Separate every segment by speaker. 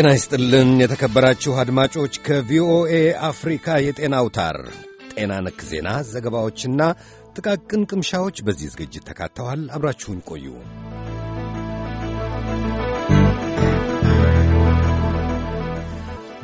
Speaker 1: ጤና ይስጥልን የተከበራችሁ አድማጮች ከቪኦኤ አፍሪካ የጤና አውታር ጤና ነክ ዜና ዘገባዎችና ጥቃቅን ቅምሻዎች በዚህ ዝግጅት ተካተዋል። አብራችሁን ቆዩ።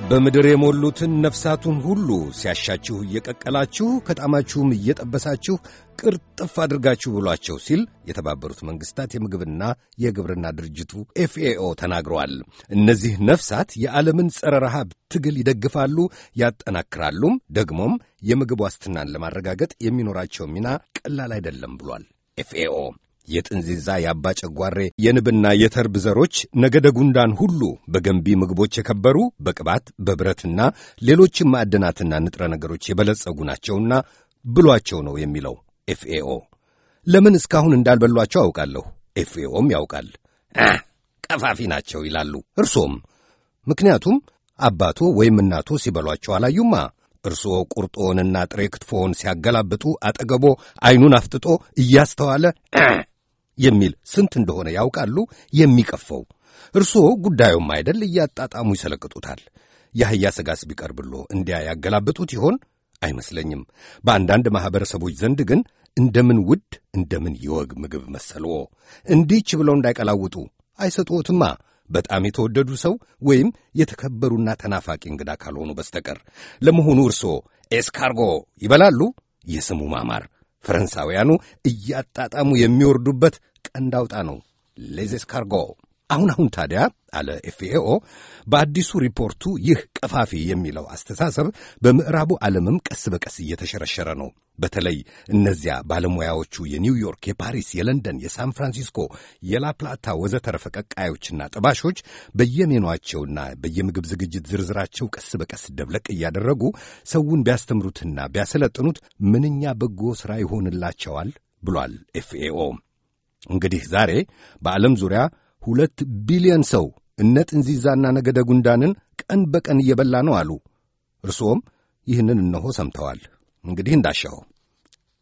Speaker 1: በምድር የሞሉትን ነፍሳቱን ሁሉ ሲያሻችሁ እየቀቀላችሁ ከጣማችሁም እየጠበሳችሁ ቅርጥፍ አድርጋችሁ ብሏቸው ሲል የተባበሩት መንግስታት የምግብና የግብርና ድርጅቱ ኤፍኤኦ ተናግረዋል። እነዚህ ነፍሳት የዓለምን ጸረ ረሃብ ትግል ይደግፋሉ፣ ያጠናክራሉም። ደግሞም የምግብ ዋስትናን ለማረጋገጥ የሚኖራቸው ሚና ቀላል አይደለም ብሏል ኤፍኤኦ። የጥንዚዛ የአባ ጨጓሬ የንብና የተርብ ዘሮች ነገደ ጉንዳን ሁሉ በገንቢ ምግቦች የከበሩ በቅባት በብረትና ሌሎችም ማዕድናትና ንጥረ ነገሮች የበለጸጉ ናቸውና ብሏቸው ነው የሚለው ኤፍኤኦ። ለምን እስካሁን እንዳልበሏቸው አውቃለሁ፣ ኤፍኤኦም ያውቃል። ቀፋፊ ናቸው ይላሉ እርሶም። ምክንያቱም አባቶ ወይም እናቶ ሲበሏቸው አላዩማ። እርስዎ ቁርጦንና ጥሬ ክትፎውን ሲያገላብጡ አጠገቦ ዐይኑን አፍጥጦ እያስተዋለ የሚል ስንት እንደሆነ ያውቃሉ። የሚቀፈው እርስዎ ጉዳዩም አይደል እያጣጣሙ ይሰለቅጡታል። የአህያ ስጋስ ቢቀርብሎ እንዲያ ያገላብጡት ይሆን? አይመስለኝም። በአንዳንድ ማኅበረሰቦች ዘንድ ግን እንደምን ውድ እንደምን ይወግ ምግብ መሰልዎ እንዲች ብለው እንዳይቀላውጡ አይሰጥዎትማ በጣም የተወደዱ ሰው ወይም የተከበሩና ተናፋቂ እንግዳ ካልሆኑ በስተቀር። ለመሆኑ እርስዎ ኤስካርጎ ይበላሉ? የስሙ ማማር ፈረንሳውያኑ እያጣጣሙ የሚወርዱበት ቀንድ አውጣ ነው ሌዜስ ካርጎ። አሁን አሁን ታዲያ አለ ኤፍኤኦ በአዲሱ ሪፖርቱ ይህ ቀፋፊ የሚለው አስተሳሰብ በምዕራቡ ዓለምም ቀስ በቀስ እየተሸረሸረ ነው። በተለይ እነዚያ ባለሙያዎቹ የኒውዮርክ፣ የፓሪስ፣ የለንደን፣ የሳን ፍራንሲስኮ፣ የላፕላታ ወዘተረፈ ቀቃዮችና ጠባሾች በየሜኗቸውና በየምግብ ዝግጅት ዝርዝራቸው ቀስ በቀስ ደብለቅ እያደረጉ ሰውን ቢያስተምሩትና ቢያሰለጥኑት ምንኛ በጎ ሥራ ይሆንላቸዋል ብሏል ኤፍኤኦ። እንግዲህ ዛሬ በዓለም ዙሪያ ሁለት ቢሊዮን ሰው እነ ጥንዚዛና ነገደ ጉንዳንን ቀን በቀን እየበላ ነው አሉ። እርስዎም ይህንን እነሆ ሰምተዋል። እንግዲህ እንዳሻው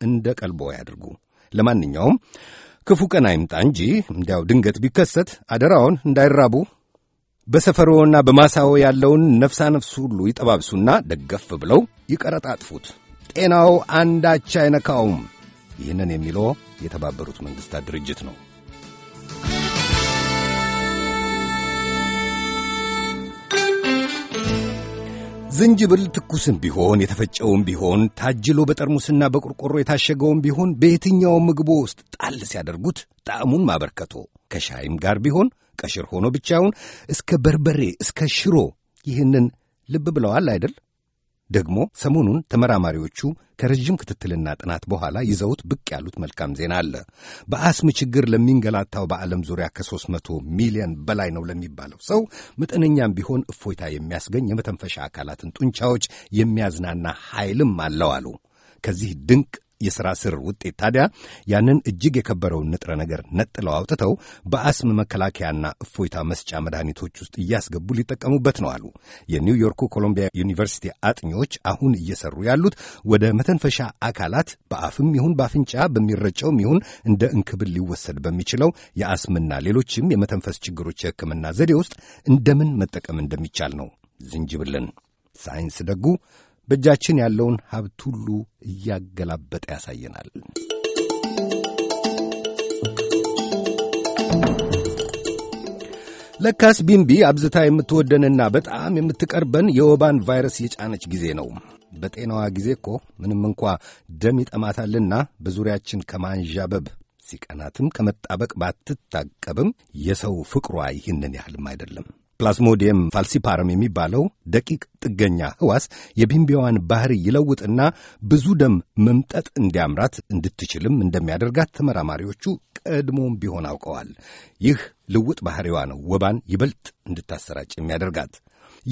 Speaker 1: እንደ ቀልቦ ያድርጉ። ለማንኛውም ክፉ ቀን አይምጣ እንጂ እንዲያው ድንገት ቢከሰት አደራውን እንዳይራቡ በሰፈሮና በማሳዎ ያለውን ነፍሳ ነፍስ ሁሉ ይጠባብሱና ደገፍ ብለው ይቀረጣጥፉት። ጤናው አንዳች አይነካውም። ይህንን የሚለው የተባበሩት መንግሥታት ድርጅት ነው። ዝንጅብል ትኩስም ቢሆን የተፈጨውም ቢሆን ታጅሎ በጠርሙስና በቆርቆሮ የታሸገውም ቢሆን በየትኛውም ምግቦ ውስጥ ጣል ሲያደርጉት ጣዕሙን ማበርከቶ ከሻይም ጋር ቢሆን ቀሽር ሆኖ ብቻውን እስከ በርበሬ እስከ ሽሮ ይህንን ልብ ብለዋል አይደል? ደግሞ ሰሞኑን ተመራማሪዎቹ ከረዥም ክትትልና ጥናት በኋላ ይዘውት ብቅ ያሉት መልካም ዜና አለ። በአስም ችግር ለሚንገላታው በዓለም ዙሪያ ከ300 ሚሊዮን በላይ ነው ለሚባለው ሰው መጠነኛም ቢሆን እፎይታ የሚያስገኝ የመተንፈሻ አካላትን ጡንቻዎች የሚያዝናና ኃይልም አለው አሉ። ከዚህ ድንቅ የሥራ ስር ውጤት ታዲያ ያንን እጅግ የከበረውን ንጥረ ነገር ነጥለው አውጥተው በአስም መከላከያና እፎይታ መስጫ መድኃኒቶች ውስጥ እያስገቡ ሊጠቀሙበት ነው አሉ። የኒውዮርኩ ኮሎምቢያ ዩኒቨርሲቲ አጥኚዎች አሁን እየሰሩ ያሉት ወደ መተንፈሻ አካላት በአፍም ይሁን በአፍንጫ በሚረጨውም ይሁን እንደ እንክብል ሊወሰድ በሚችለው የአስምና ሌሎችም የመተንፈስ ችግሮች የሕክምና ዘዴ ውስጥ እንደምን መጠቀም እንደሚቻል ነው። ዝንጅብልን ሳይንስ ደጉ በእጃችን ያለውን ሀብት ሁሉ እያገላበጠ ያሳየናል። ለካስ ቢምቢ አብዝታ የምትወደንና በጣም የምትቀርበን የወባን ቫይረስ የጫነች ጊዜ ነው። በጤናዋ ጊዜ እኮ ምንም እንኳ ደም ይጠማታልና በዙሪያችን ከማንዣበብ ሲቀናትም ከመጣበቅ ባትታቀብም የሰው ፍቅሯ ይህንን ያህልም አይደለም። ፕላስሞዲየም ፋልሲፓረም የሚባለው ደቂቅ ጥገኛ ህዋስ የቢምቢዋን ባህሪ ይለውጥና ብዙ ደም መምጠጥ እንዲያምራት እንድትችልም እንደሚያደርጋት ተመራማሪዎቹ ቀድሞም ቢሆን አውቀዋል። ይህ ልውጥ ባህሪዋ ነው ወባን ይበልጥ እንድታሰራጭ የሚያደርጋት።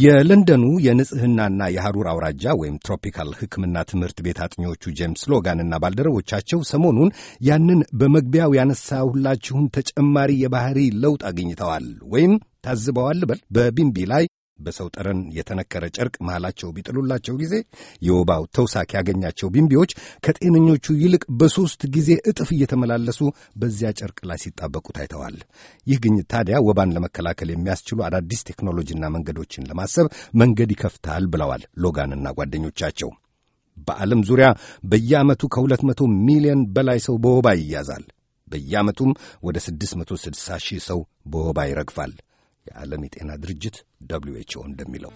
Speaker 1: የለንደኑ የንጽህናና የሐሩር አውራጃ ወይም ትሮፒካል ሕክምና ትምህርት ቤት አጥኚዎቹ ጄምስ ሎጋንና ባልደረቦቻቸው ሰሞኑን ያንን በመግቢያው ያነሳሁላችሁን ተጨማሪ የባህሪ ለውጥ አግኝተዋል ወይም ታዝበዋል በል በቢምቢ ላይ በሰው ጠረን የተነከረ ጨርቅ መሃላቸው ቢጥሉላቸው ጊዜ የወባው ተውሳክ ያገኛቸው ቢምቢዎች ከጤነኞቹ ይልቅ በሦስት ጊዜ እጥፍ እየተመላለሱ በዚያ ጨርቅ ላይ ሲጣበቁ ታይተዋል። ይህ ግኝት ታዲያ ወባን ለመከላከል የሚያስችሉ አዳዲስ ቴክኖሎጂና መንገዶችን ለማሰብ መንገድ ይከፍታል ብለዋል ሎጋንና ጓደኞቻቸው። በዓለም ዙሪያ በየዓመቱ ከ መቶ ሚሊዮን በላይ ሰው በወባ ይያዛል። በየዓመቱም ወደ 660 ሺህ ሰው በወባ ይረግፋል። የዓለም የጤና ድርጅት ደብሊው ኤች ኦ እንደሚለው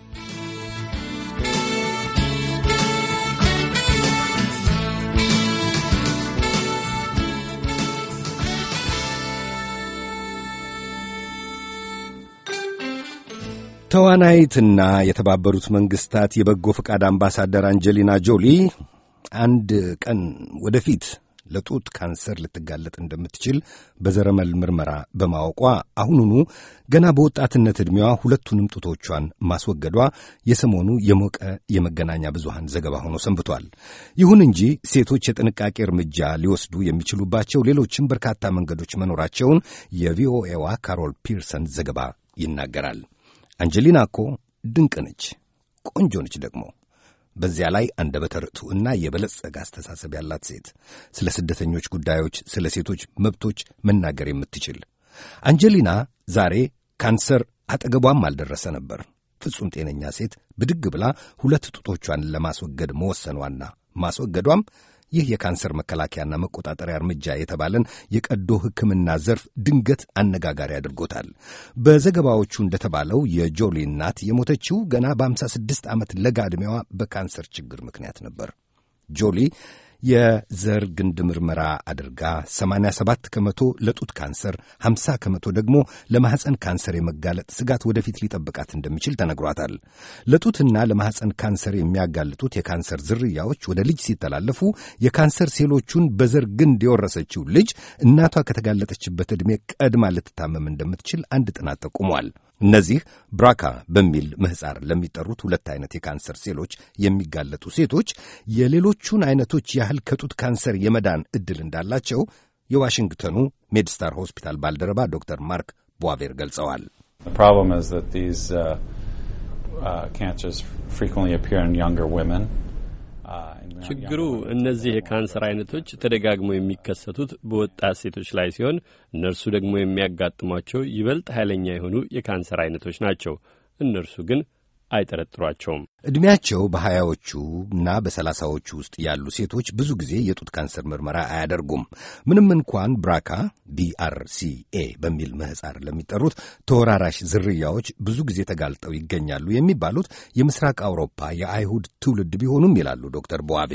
Speaker 1: ተዋናይትና የተባበሩት መንግሥታት የበጎ ፈቃድ አምባሳደር አንጀሊና ጆሊ አንድ ቀን ወደፊት ለጡት ካንሰር ልትጋለጥ እንደምትችል በዘረመል ምርመራ በማወቋ አሁኑኑ ገና በወጣትነት ዕድሜዋ ሁለቱንም ጡቶቿን ማስወገዷ የሰሞኑ የሞቀ የመገናኛ ብዙሃን ዘገባ ሆኖ ሰንብቷል። ይሁን እንጂ ሴቶች የጥንቃቄ እርምጃ ሊወስዱ የሚችሉባቸው ሌሎችም በርካታ መንገዶች መኖራቸውን የቪኦኤዋ ካሮል ፒርሰን ዘገባ ይናገራል። አንጀሊና እኮ ድንቅ ነች፣ ቆንጆ ነች ደግሞ በዚያ ላይ አንደበተ እና የበለጸገ አስተሳሰብ ያላት ሴት ስለ ስደተኞች ጉዳዮች፣ ስለ ሴቶች መብቶች መናገር የምትችል አንጀሊና ዛሬ ካንሰር አጠገቧም አልደረሰ ነበር። ፍጹም ጤነኛ ሴት ብድግ ብላ ሁለት ጡቶቿን ለማስወገድ መወሰኗና ማስወገዷም ይህ የካንሰር መከላከያና መቆጣጠሪያ እርምጃ የተባለን የቀዶ ሕክምና ዘርፍ ድንገት አነጋጋሪ አድርጎታል። በዘገባዎቹ እንደተባለው የጆሊ እናት የሞተችው ገና በ56 ዓመት ለጋ ዕድሜዋ በካንሰር ችግር ምክንያት ነበር። ጆሊ የዘር ግንድ ምርመራ አድርጋ 87 ከመቶ ለጡት ካንሰር፣ 50 ከመቶ ደግሞ ለማኅፀን ካንሰር የመጋለጥ ስጋት ወደፊት ሊጠብቃት እንደሚችል ተነግሯታል። ለጡትና ለማኅፀን ካንሰር የሚያጋልጡት የካንሰር ዝርያዎች ወደ ልጅ ሲተላለፉ የካንሰር ሴሎቹን በዘር ግንድ የወረሰችው ልጅ እናቷ ከተጋለጠችበት ዕድሜ ቀድማ ልትታመም እንደምትችል አንድ ጥናት ጠቁሟል። እነዚህ ብራካ በሚል ምህፃር ለሚጠሩት ሁለት አይነት የካንሰር ሴሎች የሚጋለጡ ሴቶች የሌሎቹን አይነቶች ያህል ከጡት ካንሰር የመዳን እድል እንዳላቸው የዋሽንግተኑ ሜድስታር ሆስፒታል ባልደረባ ዶክተር ማርክ ቧቬር ገልጸዋል። ፕሮብለም ኢዝ ዛት ዚዝ ካንሰርስ ፍሪኩዌንትሊ አፒር ኢን ያንገር ወመን ችግሩ እነዚህ የካንሰር አይነቶች ተደጋግመው የሚከሰቱት በወጣት ሴቶች ላይ ሲሆን እነርሱ ደግሞ የሚያጋጥሟቸው ይበልጥ ኃይለኛ የሆኑ የካንሰር አይነቶች ናቸው። እነርሱ ግን አይጠረጥሯቸውም። ዕድሜያቸው በሀያዎቹ እና በሰላሳዎቹ ውስጥ ያሉ ሴቶች ብዙ ጊዜ የጡት ካንሰር ምርመራ አያደርጉም። ምንም እንኳን ብራካ ቢአርሲኤ በሚል ምህጻር ለሚጠሩት ተወራራሽ ዝርያዎች ብዙ ጊዜ ተጋልጠው ይገኛሉ የሚባሉት የምስራቅ አውሮፓ የአይሁድ ትውልድ ቢሆኑም ይላሉ ዶክተር ቦዋቤ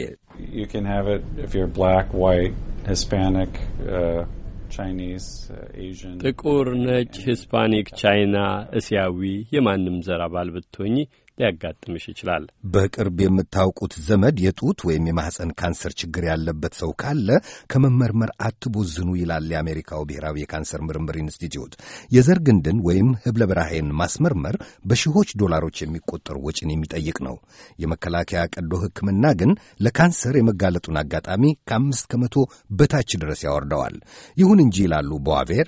Speaker 1: Uh, ጥቁር፣ ነጭ፣ ሂስፓኒክ፣ ቻይና፣ እስያዊ የማንም ዘር አባል ብትሆኚ ሊያጋጥምሽ ይችላል። በቅርብ የምታውቁት ዘመድ የጡት ወይም የማህፀን ካንሰር ችግር ያለበት ሰው ካለ ከመመርመር አትቦዝኑ ይላል የአሜሪካው ብሔራዊ የካንሰር ምርምር ኢንስቲትዩት። የዘር ግንድን ወይም ህብለ በራሄን ማስመርመር በሺዎች ዶላሮች የሚቆጠሩ ወጪን የሚጠይቅ ነው። የመከላከያ ቀዶ ሕክምና ግን ለካንሰር የመጋለጡን አጋጣሚ ከአምስት ከመቶ በታች ድረስ ያወርደዋል። ይሁን እንጂ ይላሉ በዋቬር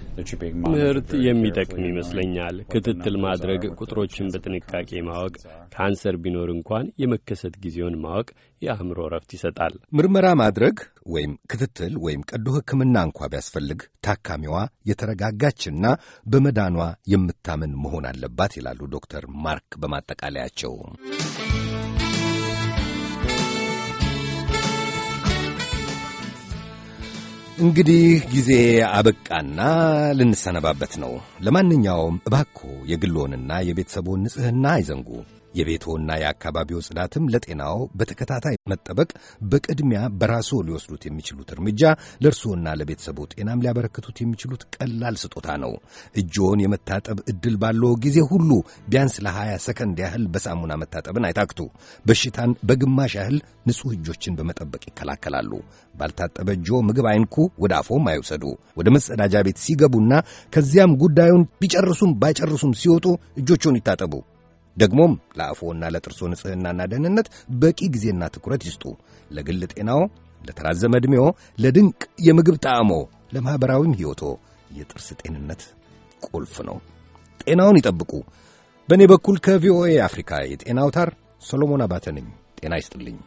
Speaker 1: ምህርት የሚጠቅም ይመስለኛል። ክትትል ማድረግ፣ ቁጥሮችን በጥንቃቄ ማወቅ፣ ካንሰር ቢኖር እንኳን የመከሰት ጊዜውን ማወቅ የአእምሮ እረፍት ይሰጣል። ምርመራ ማድረግ ወይም ክትትል ወይም ቀዶ ሕክምና እንኳ ቢያስፈልግ ታካሚዋ የተረጋጋችና በመዳኗ የምታምን መሆን አለባት ይላሉ ዶክተር ማርክ በማጠቃለያቸው። እንግዲህ ጊዜ አበቃና ልንሰነባበት ነው። ለማንኛውም እባክዎ የግሎንና የቤተሰቦን ንጽሕና አይዘንጉ። የቤቶና የአካባቢው ጽዳትም ለጤናው በተከታታይ መጠበቅ በቅድሚያ በራስዎ ሊወስዱት የሚችሉት እርምጃ ለእርስዎና ለቤተሰቦ ጤናም ሊያበረክቱት የሚችሉት ቀላል ስጦታ ነው። እጅዎን የመታጠብ እድል ባለው ጊዜ ሁሉ ቢያንስ ለ20 ሰከንድ ያህል በሳሙና መታጠብን አይታክቱ። በሽታን በግማሽ ያህል ንጹሕ እጆችን በመጠበቅ ይከላከላሉ። ባልታጠበ እጅዎ ምግብ አይንኩ፣ ወደ አፎም አይውሰዱ። ወደ መጸዳጃ ቤት ሲገቡና ከዚያም ጉዳዩን ቢጨርሱም ባይጨርሱም ሲወጡ እጆችዎን ይታጠቡ። ደግሞም ለአፎና ለጥርሶ ንጽህናና ደህንነት በቂ ጊዜና ትኩረት ይስጡ። ለግል ጤናዎ፣ ለተራዘመ ዕድሜዎ፣ ለድንቅ የምግብ ጣዕሞ፣ ለማኅበራዊም ሕይወቶ የጥርስ ጤንነት ቁልፍ ነው። ጤናውን ይጠብቁ። በእኔ በኩል ከቪኦኤ አፍሪካ የጤና አውታር ሰሎሞን አባተ ነኝ። ጤና ይስጥልኝ።